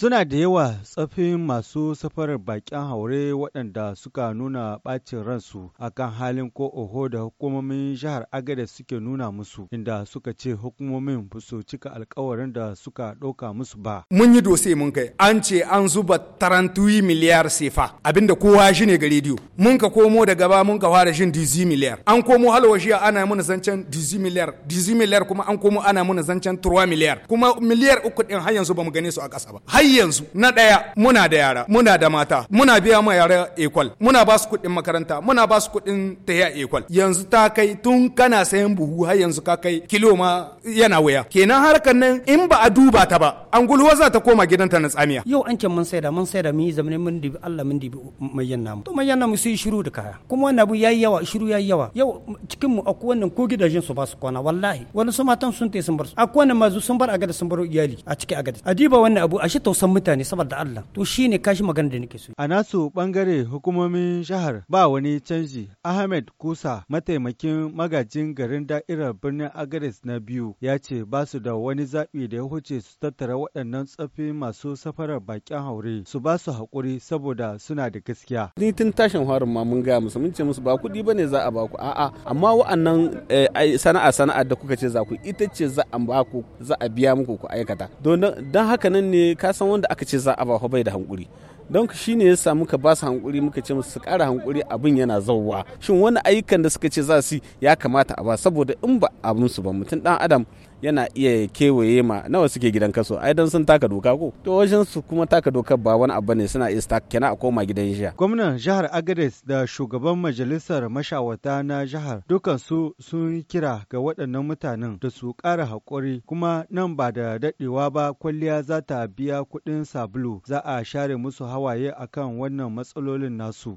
Suna da yawa tsafin masu safarar bakin haure waɗanda suka nuna ɓacin ransu akan halin ko oho da hukumomin jihar Agada suke nuna musu inda suka ce hukumomin ba su cika alkawarin da suka ɗauka musu ba. Mun yi dose mun kai an ce an zuba tarantuyi miliyar sefa abinda kowa shi ne ga rediyo. Mun ka komo da gaba mun ka fara shin dizi miliyar. An komo halwashiya ana mana zancen dizi miliyar dizi miliyar kuma an komo ana mana zancen turwa miliyar kuma miliyar uku ɗin har yanzu ba mu gane su a ƙasa ba. yanzu na ɗaya muna da yara muna da mata muna biya ma yara ekwal muna ba su kuɗin makaranta muna ba su kuɗin tahiya ekwal yanzu ta kai tun kana sayan buhu har yanzu ka kai kilo ma yana waya kenan harkar nan in ba a duba ta ba angulwa za ta koma gidanta na tsamiya yau an mun saida mun saida mun yi zamane mun dibi Allah mun dibi mayyan namu to mayyan namu sai shiru da kaya kuma wannan abu yayi yawa shiru yayi yawa yau cikin mu akwai wannan ko gidajen su ba su kwana wallahi wani su matan sun tai sun bar su akwai wannan mazu sun bar gada sun bar iyali a a gada adiba wannan abu a shi tausan mutane saboda Allah to shine kashi magana da nake so a nasu bangare hukumomin shahar ba wani canji Ahmed Kusa mataimakin magajin garin da'irar birnin Agadez na biyu ya ce ba su da wani zaɓi da ya huce su tattara waɗannan tsafi masu safarar bakin haure su ba su haƙuri saboda suna da gaskiya. Ni tun tashin harin ma mun gaya musu mun ce musu ba kuɗi ba ne za a baku a'a amma waɗannan eh, sana'a sana'a da kuka ce za ku ita ce za a baku za a biya muku ku aikata. Don haka nan ne ka san wanda aka ce za a ba bai da hankuri. don shi ne yasa muka ba su hankuri muka ce musu su kara hankuri abin yana zauwa shin wani ayyukan da suka ce za su ya kamata a ba saboda in ba abin su ba mutum dan adam yana iya kewaye ma nawa suke gidan kaso ai don sun taka doka ko to wajen su kuma taka dokar ba wani abu ne suna iya taka kenan a koma gidan jiya gwamnan jihar agades da shugaban majalisar mashawata na jihar dukan su sun kira ga waɗannan mutanen da su ƙara haƙuri kuma nan ba da daɗewa ba kwalliya za ta biya kuɗin sabulu za a share musu hawaye akan wannan matsalolin nasu